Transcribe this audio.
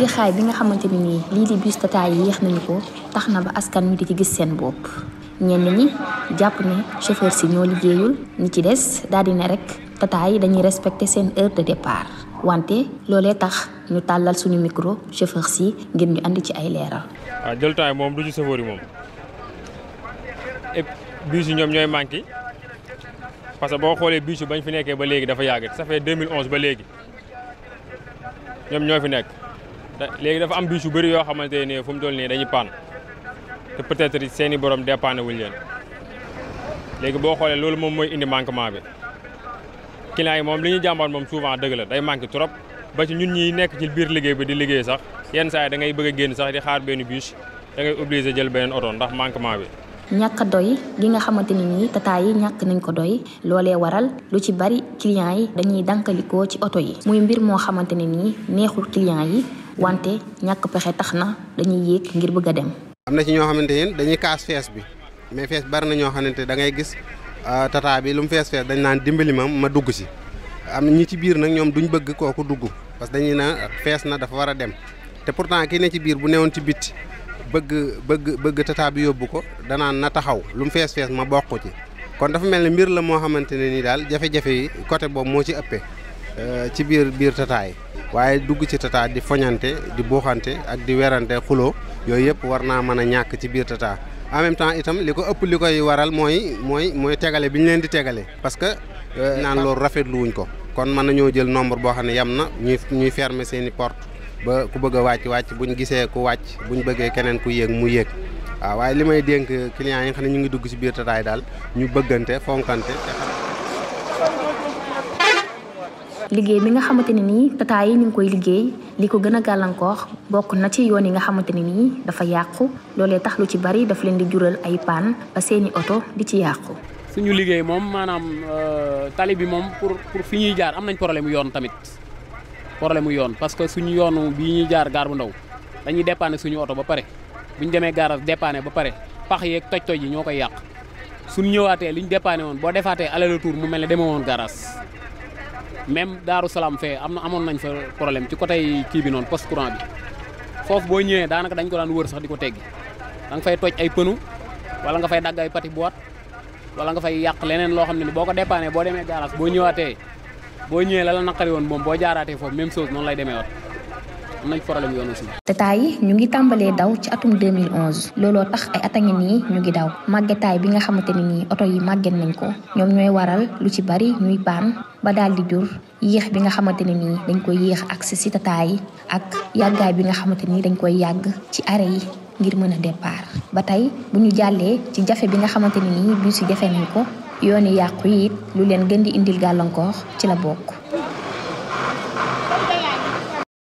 yéexaay bi nga xamante ni nii lii di bus Tata yi yéex nañu ko tax na ba askan mi di ci gis seen bopp ñenn ñi jàpp ne chauffeur si ñoo liggéeyul ñu ci des daal di ne rek Tata yi dañuy respecter seen heure de départ wante loolee tax ñu tàllal suñu micro chauffeur si ngir ñu andi ci ay leeral. waaw ah, jël temps moom du ci chauffeur yi moom et bus yi ñoom ñooy manqué parce que boo xoolee bus yi bañ fi nekkee ba léegi dafa yàgg ça fait 2011 ba léegi ñoom ñoo fi nekk. légui dafa am bi yu bëri yoo xamante ne fu mu toll dañuy pan té peut-être seeni borom dépanné wul leen légui bo xolé loolu mom moy indi manquement bi client yi mom li ñu jàmbaat mom souvent dëgg la day manqué trop ba ci ñun ñi nekk ci biir liggéey bi di liggéey sax yeen saa da ngay bëgg a sax di xaar benn bus da ngay obligé jël beneen auto ndax manquement bi. ñàkk doy gi nga xamanteni ni tata yi ñak nañ ko doy lolé waral lu ci bari client yi dañuy dankaliko ci auto yi muy mbir mo xamanteni ne neexul client yi. wante ñàkk pexe tax na dañuy yéeg ngir bëgg dem. am na ci ñoo xamante ne dañuy kaas fees bi mais fees bari na ñoo xamante da ngay gis euh, tata bi lu mu fees fees dañ naan dimbali ma ma dugg si am na ñi ci biir nag ñoom duñ bëgg kooku dugg parce que dañuy na fees na dafa war a dem te pourtant ki ne ci biir bu newoon ci bitti bëgg bëgg bëgg tata bi yóbbu ko danaan na taxaw lu mu fees fees ma bokk ci kon dafa mel ne mbir la moo xamante ne ni daal jafe-jafe yi côté boobu moo ci ëppee. Euh, ci biir biir tataay waaye dugg ci tata di foñante di buuxante ak di werante xuloo yooyu yëpp war naa mën a ñàkk ci biir tata en même temps itam li ko ëpp li koy waral mooy mooy mooy tegale bi ñu leen di tegale parce que euh, naan loolu rafetlu wuñ ko kon mën nañoo jël nombre boo xam ne yem na ñuy ñuy fermer seen i porte ba ku bëgg wàcc wàcc bu ñu gisee ku wàcc bu ñu bëggee keneen ku yéeg mu yéeg waaw waaye li may dénk clients yi nga xam ne ñu ngi dugg ci biir tataay daal ñu bëggante fonkante liggéey bi nga xamante ne nii tata yi ñu ngi koy liggéey li ko gën a gàllankoor bokk na ci yoon yi nga xamante ne nii dafa yàqu loolee tax lu ci bari daf leen di jural ay paan ba seeni oto di ci yàqu. suñu liggéey moom maanaam euh, tali bi moom pour pour fi ñuy jaar am nañ problème mu yoon tamit problème mu yoon parce que suñu yoonu bi ñuy jaar gaar bu ndaw dañuy dépanner suñu oto ba pare bu ñu demee gaar dépanner ba pare pax yeeg toj-toj yi ñoo koy yàq suñu ñëwaatee li ñu dépanner woon boo defaatee aller mu mel ne demee woon gaaraas même Daaru Salaam fee am na amoon nañ fa problème ci côté kii bi noonu poste courant bi foofu boo ñëwee daanaka dañ ko daan wër sax di ko teggi da nga fay toj ay pënu wala nga fay dagg ay pati boîte wala nga fay yàq leneen loo xam ne ni boo ko dépanné boo demee garage boo ñëwaatee boo ñëwee la la naqari woon moom boo jaaraatee foofu même chose noonu lay demee wat am yi ñu ngi tàmbalee daw ci atum 2011 looloo tax ay at nii ñu ngi daw màggetaay bi nga xamante ne nii oto yi màgget nañ ko ñoom ñooy waral lu ci bari ñuy baan ba daal di jur yéex bi nga xamante ne nii dañ koy yéex ak si tataay yi ak yàggaay bi nga xamante nii dañ koy yàgg ci arrêt yi ngir mën a départ ba tey bu ñu jàllee ci jafe bi nga xamante ne nii bus yi jafe nañ ko yoon yi yàqu yi lu leen gën di indil gàllankoor ci la bokk.